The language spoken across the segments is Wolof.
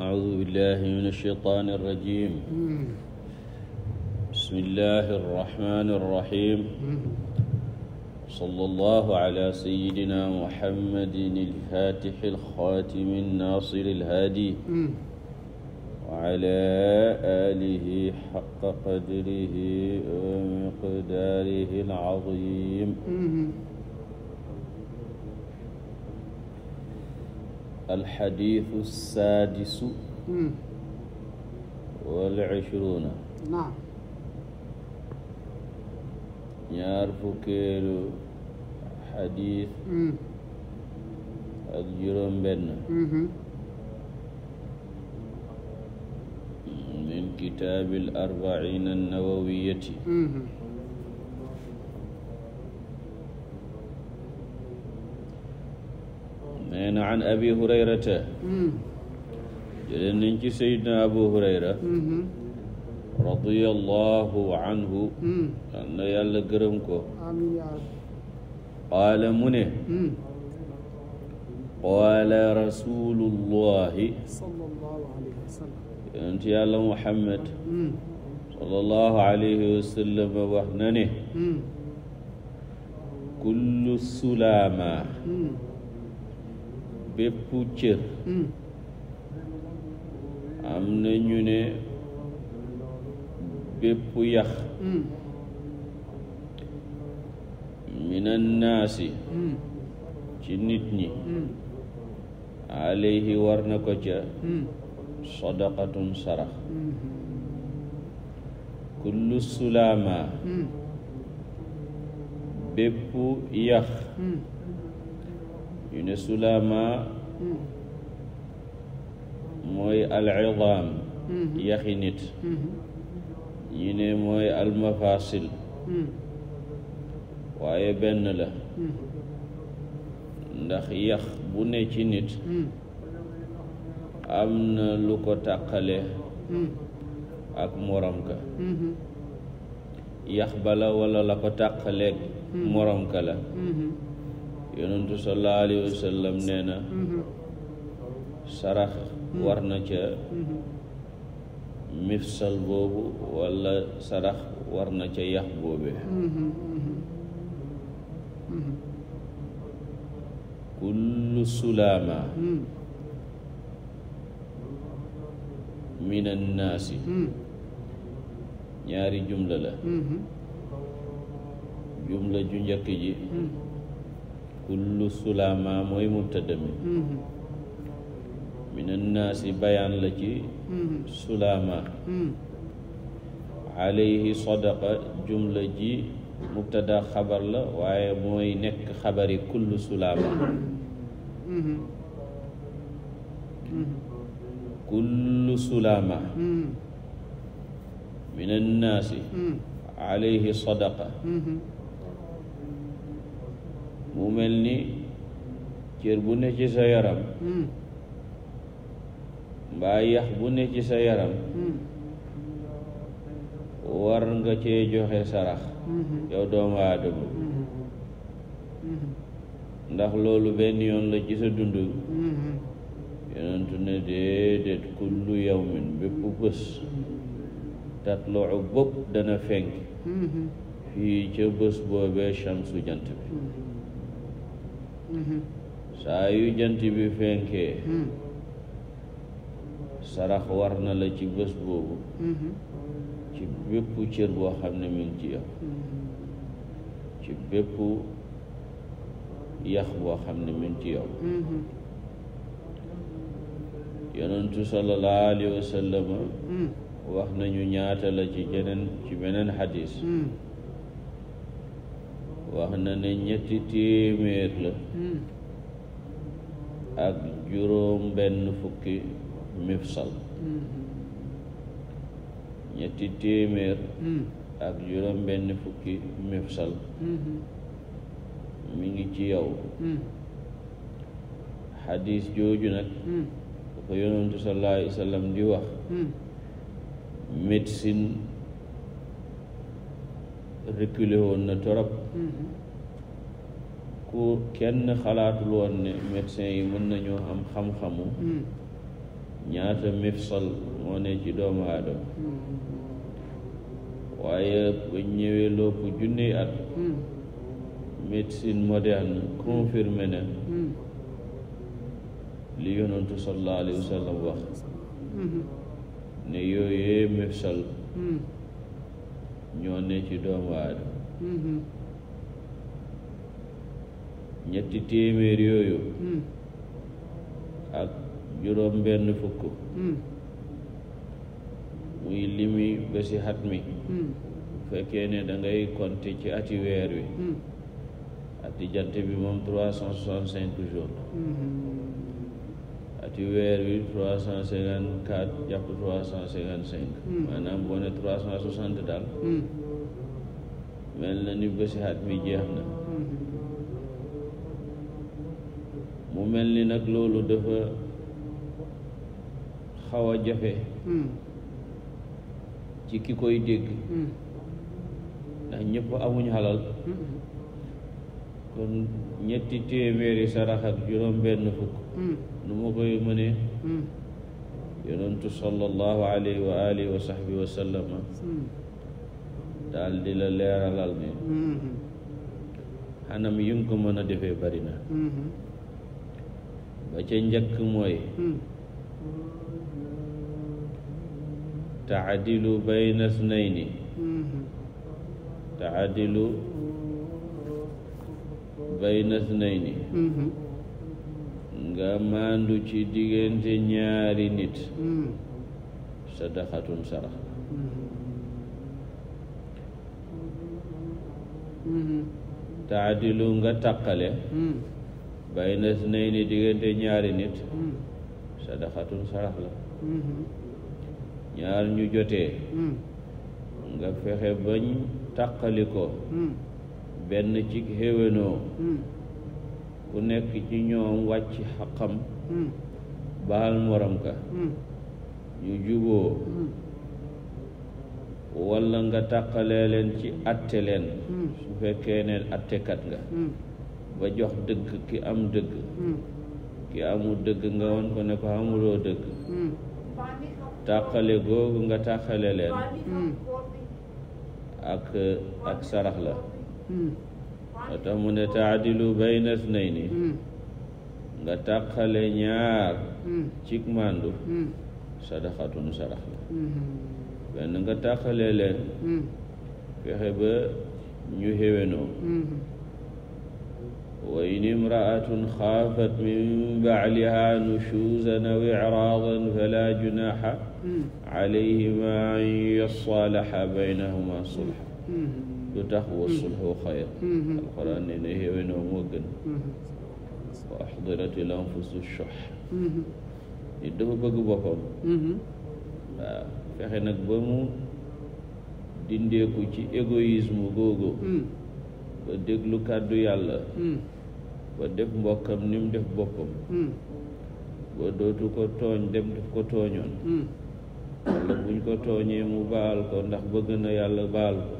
أعوذ بالله من الشيطان الرجيم بسم الله الرحمن الرحيم صلى الله على سيدنا محمد الفاتح الخاتم الناصر الهادي وعلى آله حق قدره ومقداره العظيم alxadiisu saadisu wal ishruuna naam ñaar fukkeelu xadiis ak juróom benn min kitaabil arbaciina nawawiyati nee na an abi hurayrata jëleen nañ ci sayidna abu hurayra radiyallahu anhu yal na yàlla gërëm ko qaala mu ne qaala rasulullahi yonent yàlla muhammad mm. sallallahu alayhi wa sallam wax na ne mm. kullu sulaama mm. bépp cër hmm. am na ñu ne bépp yax hmm. minan naasi hmm. ci nit ñi alayhi war na ko ca sadaqatun sarax kullu sulaama bépp yax ñu ne sulaama mooy al idaam yaxi nit ñu ne mooy al mafasil waaye benn la ndax yax bu ne ci nit am na lu ko tàqale ak morom ka yax bala walla la ko tàqaleeg morom ka la yonentu sallallahu alayhi wa sallam mm-hmm. sarax mm-hmm. war na ca mm-hmm. mifsal boobu walla sarax war na ca yax boobee kullu sulaama min ñaari jumla la jumla ju njëkk ji kullu sulama mooy mubtada mi mm-hmm. minan naasi bayaan la ci mm-hmm. sulama mm-hmm. alayhi sadaqa jumla ji mubtada xabar la waaye mooy nekk xabari kullu sulama kullu sulama minan naasi alayhi sadaqa mu mel ni cër bu ne ci sa yaram hmm. mbaa yax bu ne ci sa yaram hmm. war nga cee joxe sarax hmm. yow doomu aadama ndax loolu benn yoon la ci sa dund yonentu ne déedéet kullu yawmin bépp bés tatloo bopp dana fenk fii ca bés boobee chamsu jant bi saa yu jant bi fenkee hmm. sarax war na la ci bés boobu hmm. ci bépp cër boo xam ne mi ci yow hmm. ci bépp yax boo xam ne mi ci yow yonentu sallallahu alayhi wa wax nañu ñaata la ci jeneen ci beneen xadis wax na ne ñetti téeméer la hmm. ak juróom benn fukki mifsal hmm. ñetti téeméer hmm. mi ngi ci yow xadis jooju nag ko yonentu sallallahu di wax médecine reculé woon na torop mm-hmm. ku kenn xalaatul woon ne médecin yi mën nañoo am xam-xamu mm-hmm. ñaata mifsal moo ne ci doomu aadama mm-hmm. waaye bu ñëwee lópp junni at médecine moderne confirmé na li yonantu sallallahu wa sallam wax ne yooyee mifsal ñoo ne ci doomu mm-hmm. ñetti téeméer yooyu mm. ak juróom benn fukk mm. muy limi ba si xat mi mm. fekkee ne da ngay compter ci ati weer wi ati jant bi moom trois cent soixante-cinq jours mm-hmm. ci weer wi trois cent cinquante quatre jàpp trois cent cinquante cinq maanaam boo trois cent soixante daal mel na ni bési at mi jeex na hmm. mu mel ni nag loolu dafa xaw a jafe hmm. ci ki koy dégg hmm. ndax ñëpp amuñ xalal kon ñetti téeméeri sarax juróom benn fukk Hmm. nu ma koy mënee hmm. yonentu sallallahu alayhi wa alihi wa sahbi wa sallama hmm. daal di la leeralal ne xanam yi nga ko mën a defee bari na ba ca mooy taadilu bayna snayni taadilu bayna nga maandu ci diggante ñaari nit mm. sadaxatun sarax mm. Mm. taadilu nga takkale bay na nay ni diggante ñaari nit sadaxatun sarax la mm-hmm. ñaar ñu jotee nga fexe bañ taqali ko benn ci xéwénoo ku nekk ci ñoom wàcc xaqam hmm. baal morom ka hmm. ñu juboo hmm. walla nga tàqalee leen ci atte leen su fekkee ne attekat nga ba jox dëgg ki am dëgg ki amul dëgg nga won ko ne ko amuloo dëgg tàqale googu nga tàqale leen ak ak sarax la moo tax mu ne taadilu bayna snayni hmm. nga tàqale ñaar hmm. cig màndu hmm. sadaxatun sarax la benn nga tàqalee leen fexe ba ñu xéwénoo wa in imraatun xaafat min baaliha nushuzan aw iraadan fala junaxa alayhima an yasaalaxa baynahuma sulxa lu tax wa mm-hmm. sulhu xayr mm-hmm. alquran nee na xéwénoo moo gën mm-hmm. wa axdirati lanfusu shox nit dafa bëgg boppam waaw fexe nag ba mu dindeeku ci égoïsme googu mm. ba déglu kàddu yàlla mm. ba def mbokkam ni mu def boppam mm. ba dootu ko tooñ dem def ko tooñoon walla buñ ko tooñee mu baal ko ndax bëgg na yàlla baal ko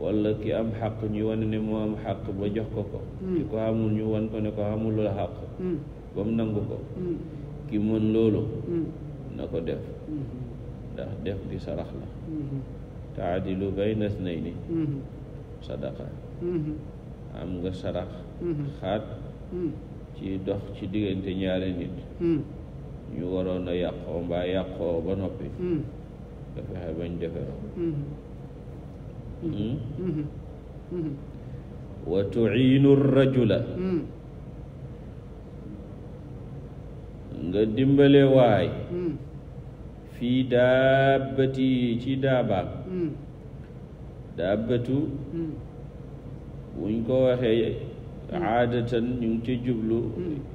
wala ki am xaq ñu wane ne moo am xaq ba jox ko ko hmm. ki ko xamul ñu wan ko ne ko xamulul xaq hmm. ba mu nangu ko hmm. ki mën loolu na ko def ndax def di sarax la taadilu bayna snayni sadaqa am nga sarax xaat ci dox ci diggante ñaari nit ñu waroon a yàqoo mbaa yàqoo ba noppi nga fexe bañ defee ko Mm-hmm. wa tuciinu rajula mm-hmm. nga dimbale waay mm-hmm. fii daabati ci daabaam daabatu buñ ko waxe waxee aadatan ñu ci jublu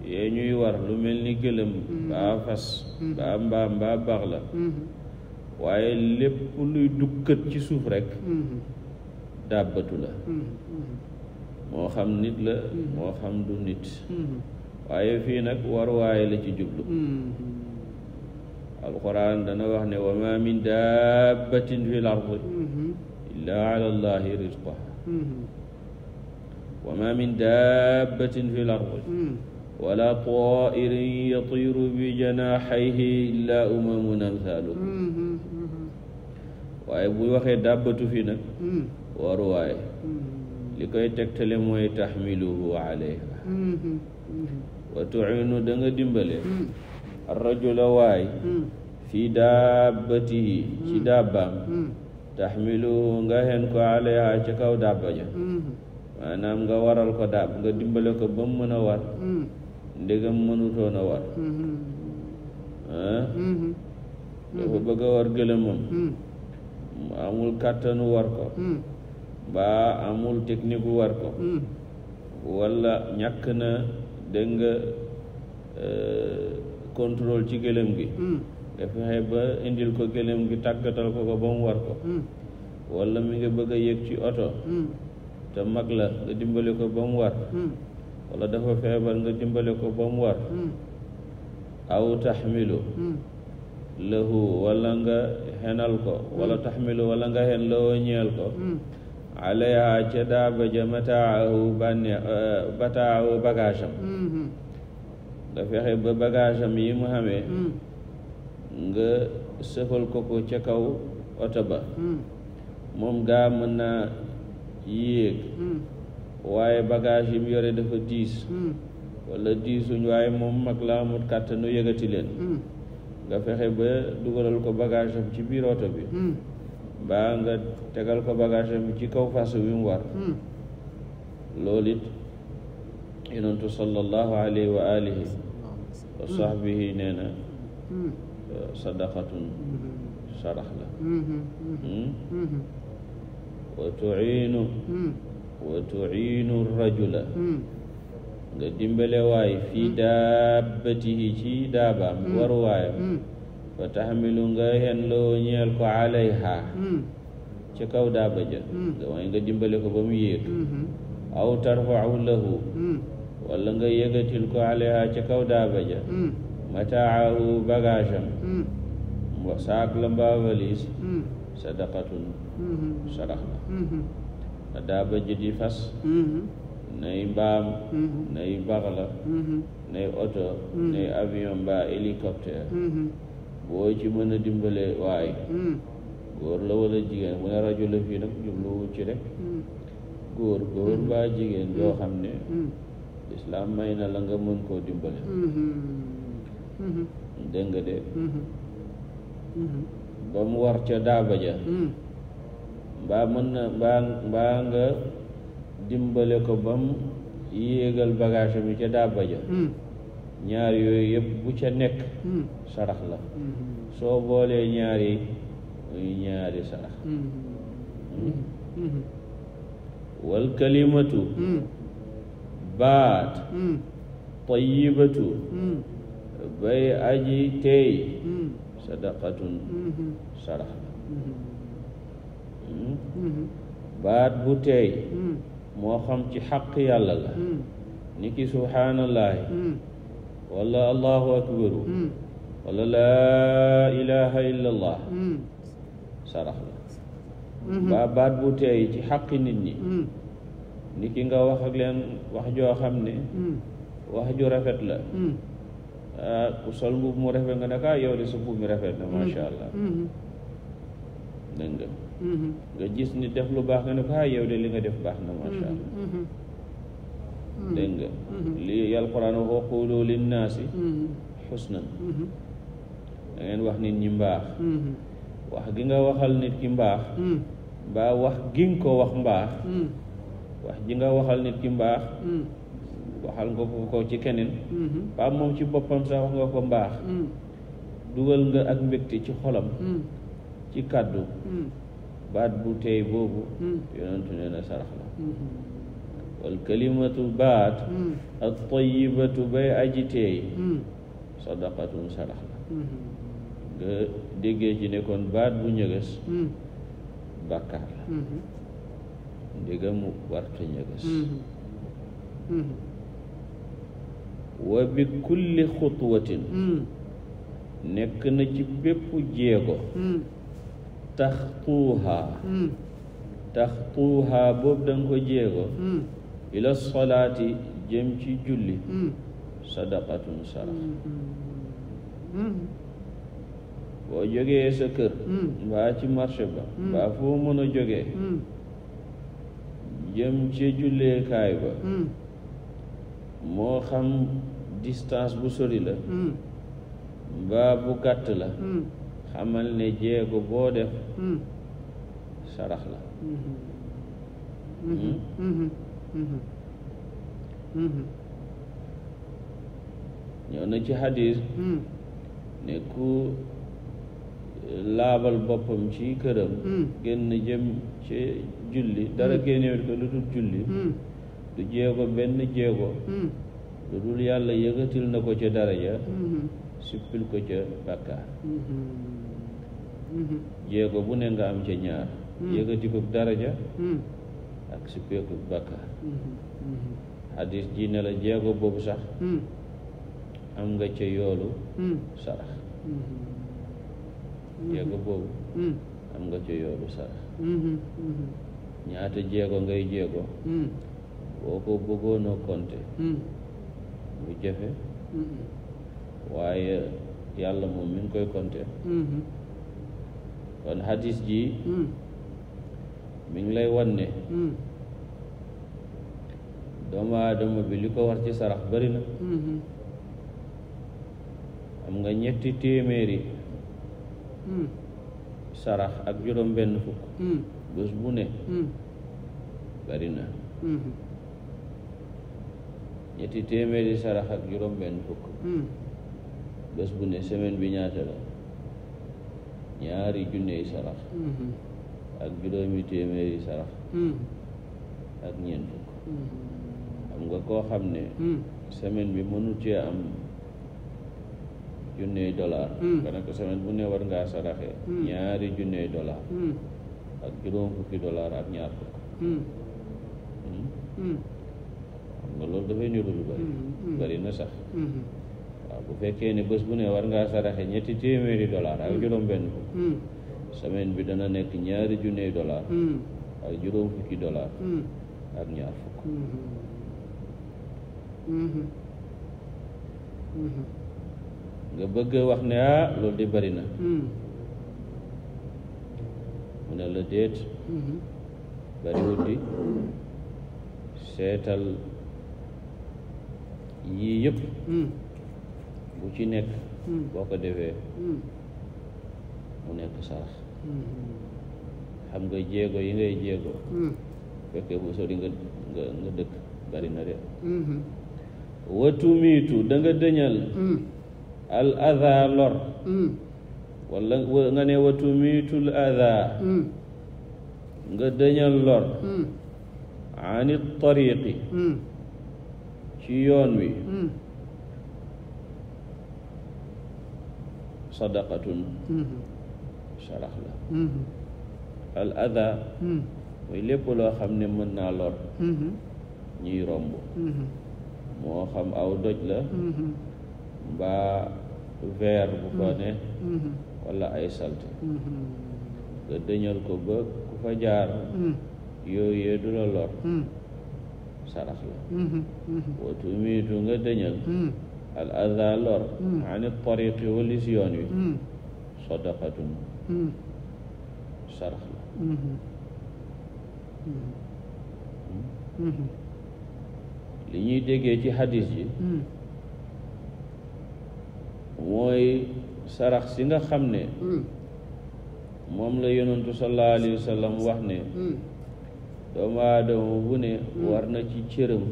yee ñuy war lu mel ni gëlëm baa fas baa mbaam baa bax la waaye lépp luy dukkat ci suuf rekk mm-hmm. dàbbatu la mm-hmm. moo xam nit la mm-hmm. moo xam du nit waaye fii nag waruwaay la ci jublu alquran dana wax ne wa ma min dabbatin fi l ardi illa ala allahi rizquha wa ma min dabbatin fi l ardi wala tairin yatiru bi janaxayhi illa umamun amthalukum waaye bu waxee dàbbatu fii nag hmm. waruwaay hmm. li koy tegtale mooy taxmiluhu alayha hmm. wa tuinu da nga dimbale arrajula waay fii dàbbatihi ci dàbbaam taxmiluhu nga xen ko alayha ci kaw dàbba ja maanaam nga waral ko dàbb nga dimbale ko ba mu mën a war ndegam mënutoon a war ah? dafa bëgg a war gëlëmam amul kàttanu war ko mbaa hmm. amul technique war ko hmm. walla ñàkk na dégg nga euh, contrôle ci gëléem gi hmm. nga fexe ba indil ko gëléem gi tàggatal ko ko ba mu war ko walla mi nga bëgg a yéeg ci oto te mag la nga dimbale ko ba mu war walla dafa feebar nga dimbale ko ba mu war aw taxmilu lahu wala nga xenal ko wala mm. taxmilu wala nga xen lawoo ñeel ko mm. alayha ca daaba ja mataahu bànne uh, bataahu bagaasam mm-hmm. nga fexe ba bagaasam yi mu xamee mm. nga sëfal ko ko ca kaw oto ba moom gaa mën naa yéeg waaye bagage yi mu yore dafa diis wala diisuñ waaye moom mag la amut kàttanu yëgati leen nga fexe ba dugalal ko bagage am ci biir oto bi mbaa hmm. nga tegal ko bagage am ci kaw fas wi mu war hmm. loolu it yonentu sallallahu alayhi wa alihi wa hmm. sahbihi nee na uh, sadaqatun sarax la wa tuiinu wa tuiinu rajula nga dimbale waay fii mm. daabatihi ci daabaam mm. war waayam mm. fa taxmilu nga hen loo ñeel ko alayha ca kaw ja nga mooy nga dimbale ko ba mu yéeg mm-hmm. aw tarfaau lahu walla nga yëgatil ko alayha ca kaw ja mataahu bagage saak la mbaa sadaqatun mm-hmm. sarax la mm-hmm. ji di fas nay mbaam mm-hmm. nay baxla mm-hmm. nay oto mm-hmm. nay avion mbaa hélicoptère boo ci mën a dimbale waay góor la wala jigéen mu ne rajo la fii nag jublu wu ci rek góor góor mbaa jigéen yoo xam ne islam may na la nga mën koo dimbale dégg nga de ba mu war ca daaba ja mbaa mën na mbaa mbaa nga dimbale ko ba mu yéegal bagage bi ca daaba ja hmm. ñaar yooyu yëpp bu ca nekk hmm. sarax la hmm. soo boolee ñaari yi ñaari sarax wal kalimatu baat tayyibatu bay aji tey sadaqatun sarax la baat bu tey moo xam ci xaq yàlla la hmm. ni ki subhaanallaahi hmm. wala allahu akbaru hmm. wala laa ilaha illa sarax la baat bu teey ci xaqi nit ñi ni ki nga wax ak leen wax joo xam ne wax ju rafet la ah ku sol mbubb mu rafet nga ne ka ah, yow de sa mbubb mi rafet na masha allah dëgg Mm-hmm. nga gis ni def lu baax nga ne ko ah, yow de li nga def baax na macha allah mm-hmm. Mm-hmm. dégg nga li alquran waxoo quulu linnaasi xusnan da wax nit ñi mbaax wax gi nga waxal nit ki mbaax mm. mbaa wax gi ko wax mbaax mm. wax ji nga waxal nit ki mbaax mm. waxal nga ko ko ci keneen ba moom ci boppam sax wax nga ko mbaax dugal nga ak mbégte ci xolam ci kàddu baat bu tey boobu hmm. yonentu nee na sarax hmm, la hmm. wal kalimatu baat ak tayyibatu bay aji tey sadaqatun sarax la nga déggee ci nekkoon baat bu ñëgës bàkkaar la ndégamu warta ñëgës wa bi kulli xutwatin nekk na ci bépp jéego taxtuuha hmm. taxtuuha boobu danga ko jéego hmm. ila solaati jëm ci julli hmm. sadaqatun sarax boo jógee sa kër mbaa ci marché ba mbaa foo mën a jógee jëm ci julleekaay ba moo xam distance bu sori la mbaa bu gàtt la xamal ne jéego boo def hmm. sarax la mm-hmm. Hmm? Mm-hmm. Mm-hmm. ñëw na ci xadis hmm. ne ku eh, laabal boppam ci këram génn jëm ci julli dara génnewet ko lu dul julli du jéego benn jéego lu dul yàlla yëgatil na ko ca daraja sippil ko ca bàkkaar jéego mm-hmm. bu ne nga am ca ñaar mm. yëkkati ko daraja mm. ak sippeeku bàkkaar xadis mm-hmm. mm-hmm. ji ne la jéego boobu sax mm. am nga ca yoolu sarax jéego boobu am nga ca yoolu sarax ñaata jéego ngay jéego boo ko bëggoon compter mu jafe waaye yàlla moom mi ngi koy compter kon hadis ji hmm. mi lay wan ne hmm. doomu aadama bi li ko war ci sarax bari na hmm. am nga ñetti téeméeri sarax ak juróom benn fukk bés bu ne bari na ñetti téeméeri sarax ak juróom benn fukk bés bu ne semaine bi ñaata la ñaari junney sarax mm-hmm. ak juróomi téeméeri sarax mm-hmm. ak ñeent xam mm-hmm. nga koo xam ne semaine bi mënu cee am junney dollar nga ne ko semaine bu ne war ngaa saraxe ñaari junney dollar ak juróom fukki dollar ak ñaar fukk xam hmm? nga loolu dafay niru bari bari na sax bu fekkee ne bés bu ne war ngaa saraxe ñetti téeméeri dollar ak hmm. juróom-benn fukk hmm. semaine bi dana nekk ñaari junney dollar hmm. ak juróom fukki dollar ak ñaar fukk nga bëgg wax ne ah loolu di bari na mu ne la déet bariwut di seetal yii yëpp bu ci nekk hmm. boo ko defee hmm. mu nekk sarax hmm. xam nga jéego yi ngay jéego fekkee bu sori nga nga nga dëkk bari de watu miitu da nga dëñal al adha lor wala nga ne watu miitul adha nga dëñal lor anit tariqi ci yoon wi sadaqatun mm-hmm. sarax la mm-hmm. al ada mm-hmm. mooy lépp loo xam ne mën naa lor ñuy romb moo xam aw doj la mbaa veer bu ko ne wala ay salte nga dëñal ko ba ku fa jaar yooyee du la lor sarax la woo tumiitu nga dëñal al aza lor hmm. ani tariqi walis yoon wi hmm. sadaqatun hmm. sarax la li ñuy déggee ci hadis yi mooy sarax si nga xam ne moom la yonantu sallallahu alayhi wax ne doomu aadama bu ne war na ci cëram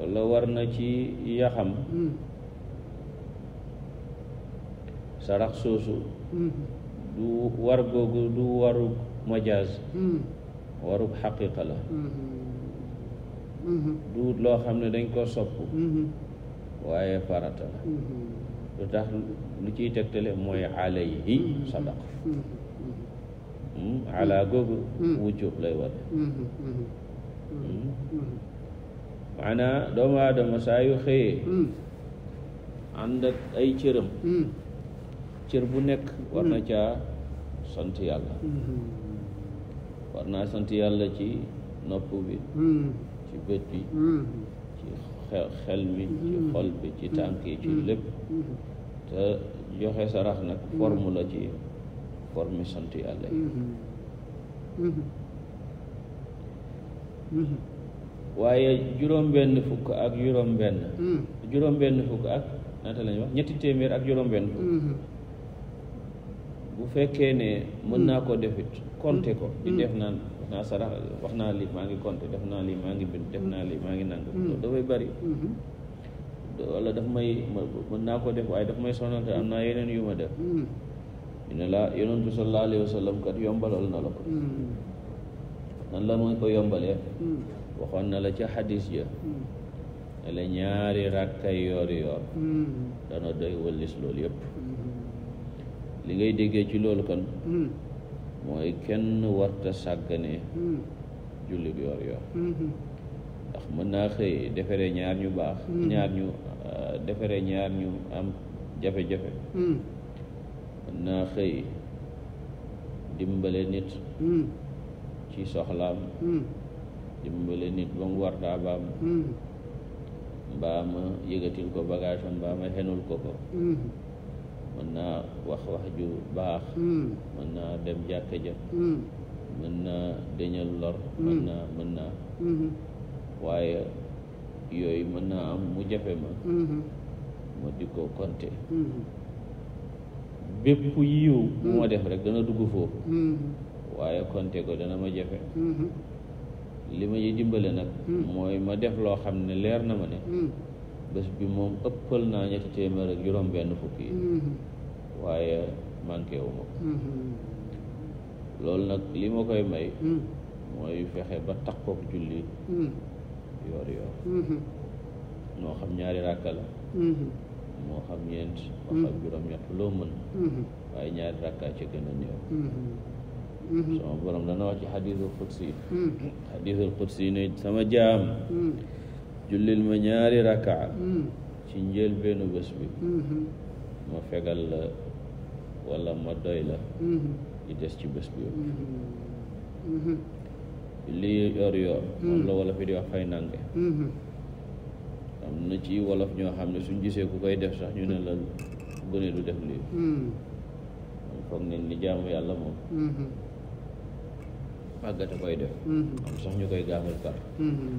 walla war na ci yaxam hmm. sarax soosu hmm. du war googu du warug majaaz hmm. warug xaqiiqa la duut loo xam ne dañ ko sopp waaye farata la lu tax lu ciy tegtale mooy alayhi sadaqa ala googu wuccuub lay war maanaa doomu aadama saa yu xëyee hmm. ànd ak ay cëram hmm. cër bu nekk war na hmm. ca sant yàlla war naa sant yàlla ci nopp bi ci bët bi ci xel mi ci xol bi ci tànk yi ci lépp te joxe sarax nag forme ci forme sant yàlla yi waaye juróom-benn fukk ak juróom-benn. Hmm. fukk ak ñaata lañuy wax ñetti téeméer ak juróom-benn fukk. Hmm. bu fekkee ne mën naa hmm. koo defit compter ko di def naan naa sarax wax naa lii maa ngi compter def naa lii maa ngi bind def naa lii maa ngi nang dafay bari wala daf may mën naa koo def waaye daf may sonal te am naa yeneen yu ma def ñu ne la yonent bi sallallahu alayhi kat yombalal na la ko nan la ma ko yombalee waxoon na la ca xadis ja ne la ñaari rakkay yoor yoor dana doy wëllis loolu yëpp li ngay déggee ci loolu kon mooy kenn warta sàggane julli yoor yoor ndax mën naa xëy defere ñaar ñu baax ñaar ñu euh, defaree ñaar ñu am jafe-jafe mën naa xëy dimbale nit mm. ci soxlaam mm. dimbale nit ba mu war daabaam hmm. mbaa ma yëgatil ko bagage am mbaa ma xenul ko ko hmm. mën naa wax wax ju baax hmm. mën naa dem jàkka ja mën naa dëñal lor mën naa mën naa waaye yooyu mën naa am mu jafe ma ma di ko compter bépp yiw bu ma def rek dana dugg foofu waaye compter ko dana ma jafe li ma ci dimbale nag hmm. mooy ma def loo xam ne leer na ma ne hmm. bés bi moom ëppal naa ñetti téeméer ak juróom benn fukk yi hmm. waaye manqué wu loolu nag li ma koy may mooy fexe ba takkook julli yoor yoor moo xam ñaari ràkka la moo xam ñeent moo xam juróom-ñett loo mën waaye ñaari ràkkaa ci gën a néew Mm-hmm. sama borom dana wax ci xadiisul xudsi mm-hmm. xadiisul xudsi ne sama jaam mm-hmm. jullil ma ñaari rakaa ci njël benn bés bi ma fegal la wala ma doy la di des ci bés bi lii yor yor moom la wolof yi di wax fay nange am na ci wolof ñoo xam ne suñ gisee ku koy def sax ñu ne la gone du def lii foog nañ ni jaamu yàlla moom màggata koy def mm-hmm. am sax ñu koy gaamal kar mm-hmm.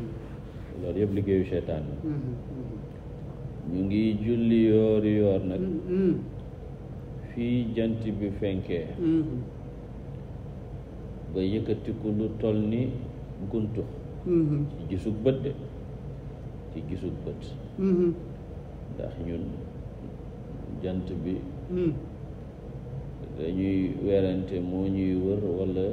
loolu yëpp liggéeyu seetaan la mm-hmm. ñu ngi julli yoor yoor nag fii jant bi fenkee ba yëkkatiku lu tol ni guntu ci gisug bët de ci gisug bët ndax ñun jant bi mm. dañuy werante moo ñuy wër walla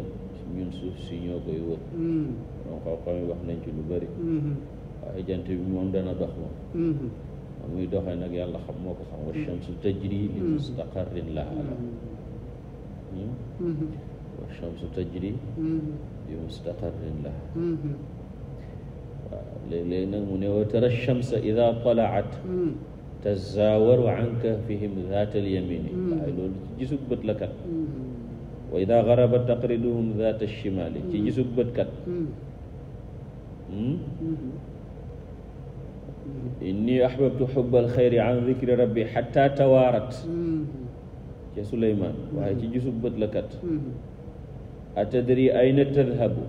ñun suuf si ñoo koy wër mm-hmm. donc xam-xam yi wax nañ ci lu bëri mm-hmm. waaye jant bi moom dana dox moom mm-hmm. muy doxee nag yàlla xam moo ko xam wa shamsu tajri li mustaqarrin laha hmm? wa shamsu tajri li mustaqarrin laha waaw léeg-léeg nag mu ne wa tara shamsa ida talaat tazaawaru an kahfihim zaata al yamini waaye loolu ci gisug bët la kat wa ida garaba taqriduhum zaata shimali ci gisug bëtkat hmm. inni ahbabtu xubbal xayri an dikri rabbi xatta tawaarat hmm. ca suleymaan waaye ci gisug bët la kat hmm. atadri ayna tadhabu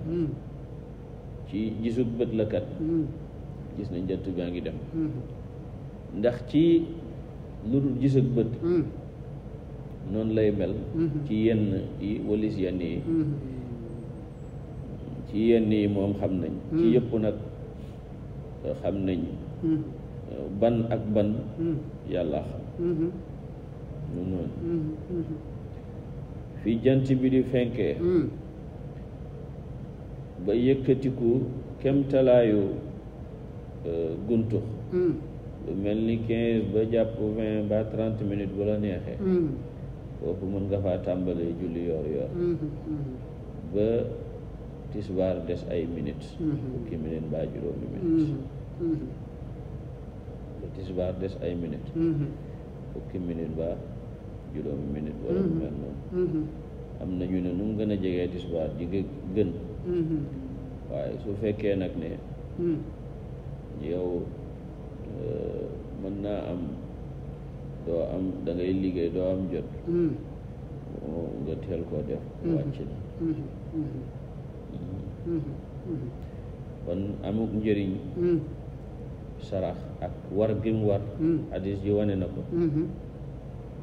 ci gisug bët la kat gis na njëtt gaa ngi dem ndax ci lu dul gisug bët noonu lay mel mm-hmm. ci yenn yi walis yenn yi mm-hmm. ci yenn yi moom xam nañ ci mm-hmm. yëpp nag euh, xam nañ euh, ban ak ban yàlla fi jant bi di fenkee mm. ba yëkkatiku kemtalaayu euh, guntux mm. lu mel ni quinze ba jàpp vingt ba trente minutes bu la neexee mm. boobu mën nga faa tàmbalee julli yoor yoor mm-hmm, mm-hmm. ba tisbaar des ay minutes mm-hmm. minute mbaa juróomi minute ba tisbaar des ay minutes minute mbaa juróomi minute am na ñu ne nu mu gën a jegee tisbaar ji nga gën waaye su fekkee nag ne yow euh, mën naa am doo am dangay liggéey doo am jot mm. nga teel koo def mm-hmm. wàcc mm-hmm. Mm-hmm. kon amuk njëriñ mm. sarax ak war gi mu war mm. hadis ji wane na ko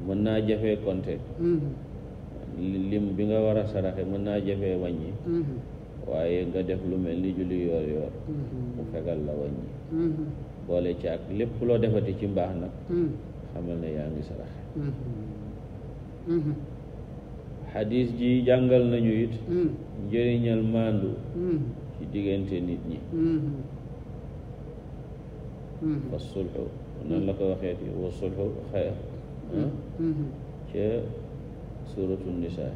mën naa jafee compter lim bi nga war a saraxe mën naa jafee wàññi waaye nga def lu mel ni julli yoor yoor mu fegal la wàññi boole ci ak lépp loo defati ci mbaax nag xamal ne yaa ngi saraxe mm-hmm. Mm-hmm. xadis ji jàngal nañu it mm. njëriñal màndu mm. ci diggante nit ñi mm-hmm. wa sulxu noonu ko waxee fi wa sulxu xayr ca suratu nisaa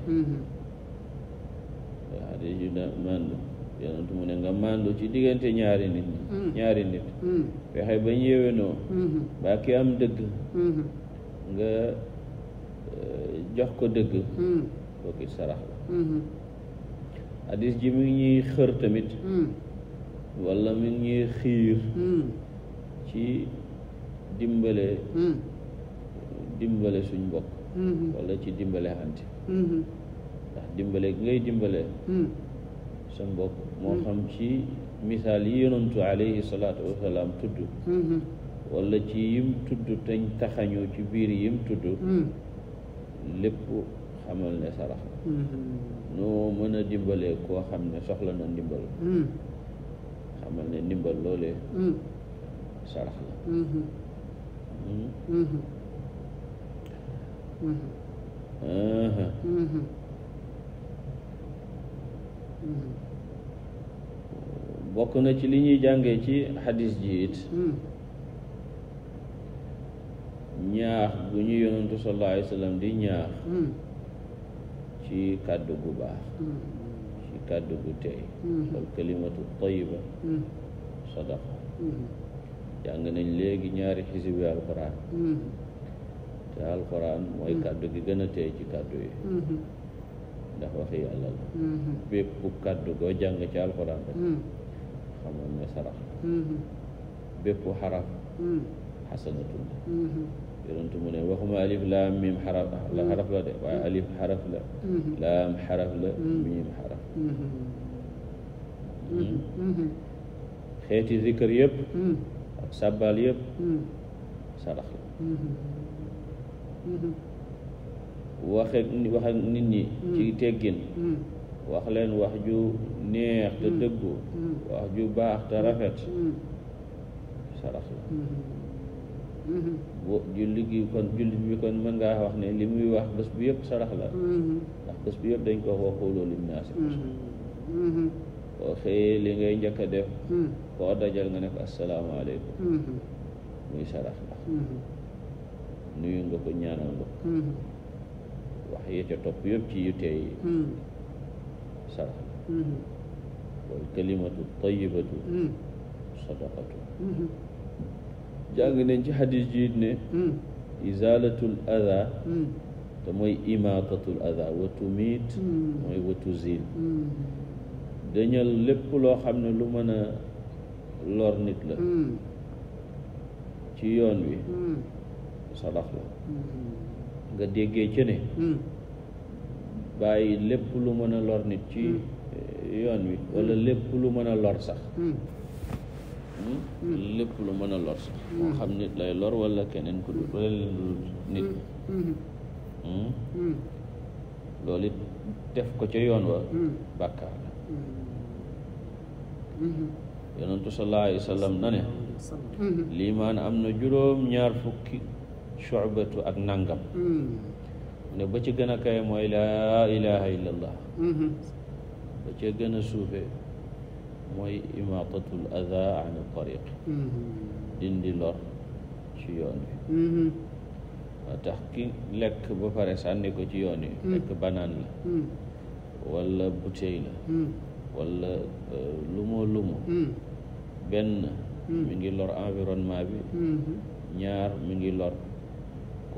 xadis ji màndu yonent mu ne nga màndu ci diggante ñaari nit mm. ñaari nit mm. fexe ba ñu yéwénoo mm-hmm. ba ki am dëgg mm-hmm. nga euh, jox ko dëgg mm. kooku sarax la mm-hmm. hadis ji mi ngi ñuy xër tamit walla mi ngi xiir ci dimbale dimbale suñ mbokk walla ci dimbale xante ndax dimbale gi ngay dimbale sa mbokk hmm. moo xam ci misaal yi yonantu alayhi salaatu wasalaam tudd hmm. wala ci yim tudd teñ taxañu ci biir yim tudd hmm. lépp xamal ne sarax noo mën a dimbalee koo xam ne soxla na ndimbal xamal ne ndimbal loolee sarax la bokk na ci li ñuy jànge ci xadis ji it hmm. ñaax bu ñu yonantu sallallahu alayhi wa di ñaax hmm. ci kàddu gu baax hmm. ci kàddu gu tey wal kalimatu tayiba sadaqa jàng nañ léegi ñaari xisibi alquran te alquran mooy kàddu gi gën a tey ci kàddu yi ndax waxi yàlla la mm-hmm. bépp kàddu goo jàng ci alxuraan rek mm-hmm. xamoon ne sarax mm-hmm. bépp xaraf xasanatun waxuma alif laam miim ah, xaraf la de waaye alif xaraf la laam xaraf la miim xaraf hmm? xeeti zikr yëpp ak sàbbaal sarax la waxe wax nit ñi mm. ci teggin mm. wax leen wax ju neex te mm. dëggu wax ju baax te rafet sarax la mm-hmm. mm-hmm. bu kon julli bi kon mën ngaa wax ne li muy wax bés bu yëpp sarax la mm-hmm. ndax bés bu yëpp dañ ko wax waxuloo lim naa si boo xëyee li ngay njëkk def koo dajal nga ne ko asalaamaaleykum muy sarax la nuyu nga ko ñaanal nga wax yi ca topp yëpp ci yu teey sarax wal kalimatu tayyibatu sadaqatu jàng nañ ci xadis jiit ne izalatul ada te mooy imaatatul ada watu miit mooy watu zil dañal lépp loo xam ne lu mën a lor nit la ci yoon wi sadax la nga déggee ci ne hmm. bàyyi lépp lu mën a lor nit ci hmm. eh, yoon wi wala hmm. lépp lu mën a lor sax lépp lu mën a lor sax moo xam nit lay lor wala keneen ku dul wala leen dul nit loolu def ko ca yoon wa bàkkaar la yonentu wa sallam na ne liimaan am na juróom ñaar fukki shu'batu ak nangam hmm. ne ba ci gën a kawe mooy laa ilaha illallah hmm. ba ci gën a suufe mooy imaatatul adaa an tariq hmm. dindi lor ci yoon wi ki lekk ba pare sànni ko ci yoon wi lekk banaan la wala bouteille la wala euh, lumo lumo benn mi ngi lor environnement bi ñaar mi ngi lor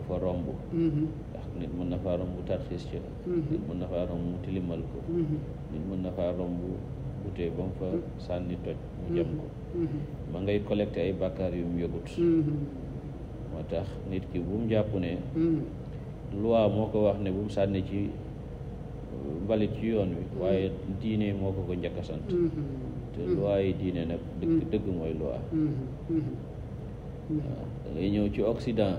ku fa romb mm-hmm. ndax nit mën na faa romb tarxiis ca mm-hmm. nit mën na faa romb mu tilimal ko mm-hmm. nit mën na faa romb butee ba mu fa sànni toj mu jëm ko ma ngay collecté ay bàkkaar yu mu moo tax nit ki bum mu jàpp ne loi moo ko wax ne bu sànni ci mbalit ci yoon wi waaye diine moo ko ko njëkk sant te loi yi diine nag dëgg dëgg mooy loi waaw ngay ñëw ci Occident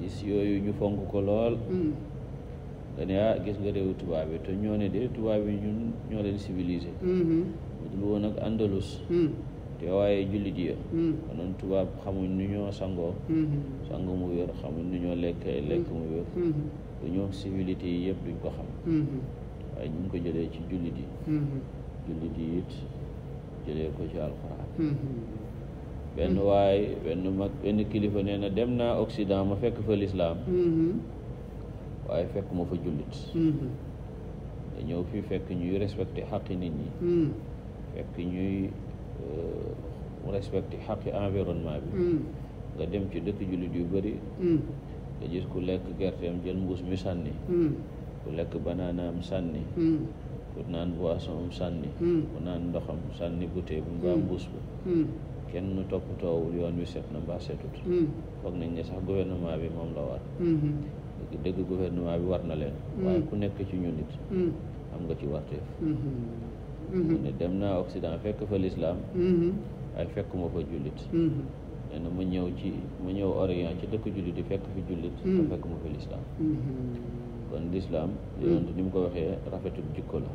gis yooyu ñu fonk ko lool mm. nga ah, gis nga réewu tubaab yi te ñoo ne de tubaab yi ñun ñoo leen civilisé bu mm-hmm. dul woon ak andalus mm. te waaye jullit ya mm. konoon tubaab xamuñ nu ñoo sangoo mm-hmm. sangu mu wér xamuñ nu ñoo lekkee lekk mu wér mm-hmm. te ñoom civilité yi yëpp duñ ko xam waaye ñu ko jëlee ci jullit yi jullit yi it jëlee ko ci alxuraan benn mm-hmm. waaye benn mag benn kilifa nee na dem naa Occident ma fekk fa lislaam mm-hmm. waaye fekk ma fa jullit da mm-hmm. ñëw fekk ñuy respecté xaqi nit ñi fekk ñuy euh, respecté xaqi environnement bi nga dem ci dëkk jullit yu bëri nga gis ku lekk gerteem jël mbuus mi sànni ku lekk banaanaam sànni ku naan boisson sànni ku naan ndoxam sànni bouteille bi mbaa mbuus bi kenn toppatoowul yoon wi set na mbaa setut hmm. foog nañ ne sax gouvernement bi moom la war hmm. dëgg dëgg gouvernement bi war na leen hmm. waaye ku nekk ci ñu nit am nga ci warteef mu ne dem naa Occident fekk fa lislaam waaye fekkuma ma fa jullit nee na ma ñëw ci ma ñëw Orient ci dëkk jullit di fekk fi jullit te fekk lislaam kon lislaam yonent ni mu ko waxee rafetul jikko la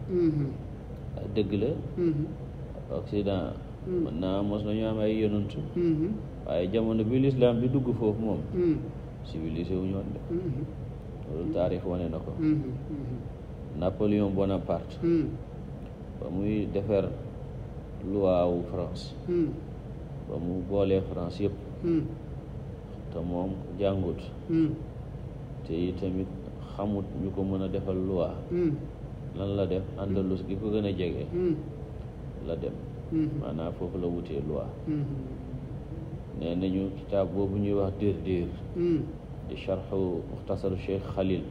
dëgg la Occident Mm-hmm. mën naa mos nañu am ay yonantu mm-hmm. waaye jamono bi lislaam di dugg foofu moom mm-hmm. civilisé wu ñoon de loolu taarix wane na ko Napoléon Bonaparte mm. ba muy defar loi wu France mm. ba mu boolee France yëpp mm. te moom jàngut te itamit xamut ñu ko mën a defal loi lan la def Andalus gi ko gën a jege la dem Mhm. maanaam foofu la wutee loi mhm. nee nañu kitaab boobu ñuy wax diir diir mhm. di charxu muxtasaru Cheikh Khalil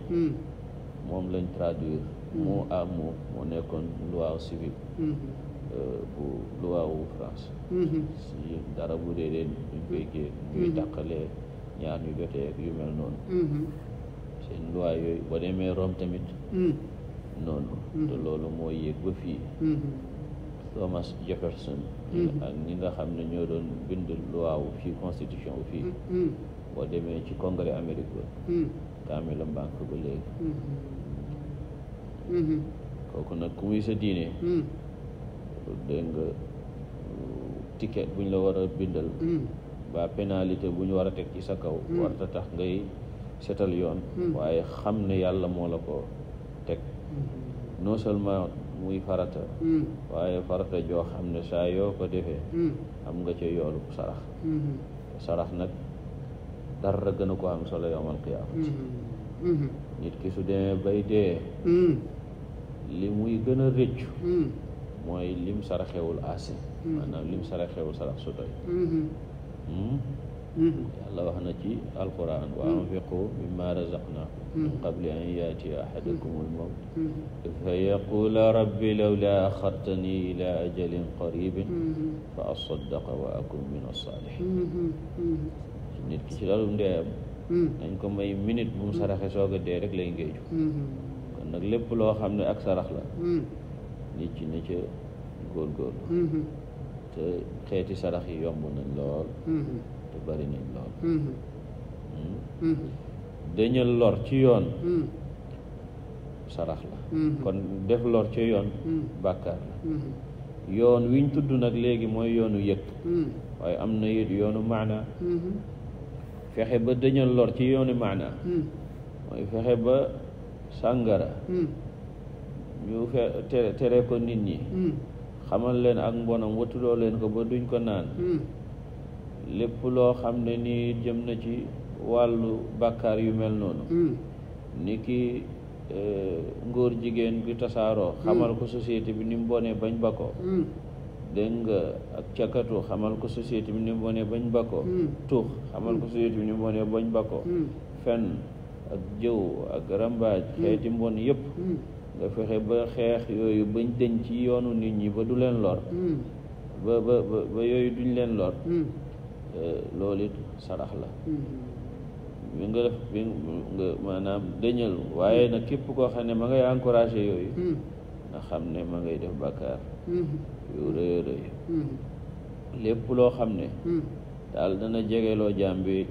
moom lañ traduire mot à moo nekkoon loi civil euh, bu loi wu France si dara bu réeree ñu béykee ñuy dàqalee ñaar ñu jotee yu mel noonu seen loi yooyu boo demee Rome tamit noonu te loolu moo yéeg ba fii Thomas Jefferson mm-hmm. ak ñi nga xam ne ñoo doon bind loi wu fii constitution wu fii mm-hmm. boo demee ci congrès Amérique ba mm-hmm. kaame mbànk ba léegi kooku nag ku muy sa diine dégg nga ticket buñ la war a bindal ba pénalité bu ñu war a teg ci sa kaw warta tax ngay setal yoon waaye xam ne yàlla moo la ko teg non seulement muy farata mm. waaye farata joo xam ne saa yoo ko defee mm. am nga cee yoolu sarax mm-hmm. sarax nag dara gën a ko am solo yawmal qiyaamati mm-hmm. mm-hmm. nit ki su demee bay dee mm. li muy gën a rëccu mooy lim saraxewul assez maanaam lim saraxewul sarax su doy hmm? yàlla wax na ci alquran wa anfiqu mimma razaqnaakum min mm-hmm. qabli an yaatiya ahadakumul mm-hmm. mawt mm-hmm. fa yaqula rabbi lawla axartani ila ajalin qaribin fa asaddaqa wa akun min as-saalihin nit ki ci loolu ndeyam dañ mm. ko may minute bu mu mm. saraxe soog a dee rek lay ngéeju kon nag lépp loo xam ne ak sarax la mm. nit ci na ca góorgóorlu te xeeti sarax yi yomb nañ lool bari nañ lool mm-hmm. Hmm? Mm-hmm. dañu lor ci yoon mm-hmm. sarax la kon def lor ci yoon bàkkaar la yoon wiñ tudd nag léegi mooy yoonu yëg waaye am na it yoonu maana fexe ba dañal lor ci yoonu maana mooy fexe ba sàngara ñu fe tere ko nit ñi xamal leen ak mbonam watuloo leen ko ba duñ ko naan lépp loo xam ne nii jëm na ci wàllu bàkkaar yu mel noonu hmm. ni ki eh, ngóor jigéen bi tasaaroo hmm. xamal ko société bi ni mu bonee bañ bakkoo hmm. dégg nga ak cakatu xamal ko société bi ni mu bañ bakkoo tuux xamal ko société bi ni mu bañ bakkoo fen ak jëw ak rambaaj xeeti mbon yëpp nga fexe ba xeex yooyu bañ dëñ ci yoonu nit ñi ba du leen lor ba ba ba yooyu duñ leen lor loolu it sarax la mm-hmm. bi nga def maanaam dëñal waaye nag képp koo xam ne ma ngay encouragé yooyu mm. nga xam ne ma ngay def bàkkaar mm-hmm. yu rëy a mm-hmm. lépp loo xam ne mm. daal dana jegeloo jaam bi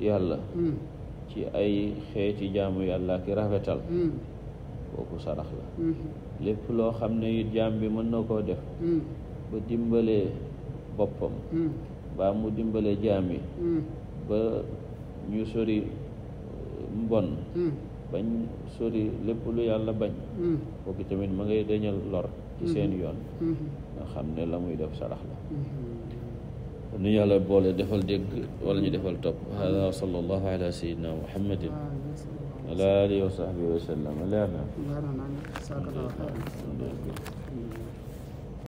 yàlla mm. ci ay xeeti jaamu yàlla ki rafetal kooku sarax la lépp loo xam ne it jaam bi mën na koo def ba dimbalee boppam mbaa mu dimbale jaam hmm. ba ñu sori uh, mbon hmm. bañ sori lépp lu yàlla bañ hmm. kooku tamit ma ngay dañal lor ci seen yoon nga xam ne la muy def sarax la nu yàlla boole defal dégg wala ñu defal topp hada sallallahu ala sayyidina muhammadin ala alihi wa sahbihi wa sallam leer na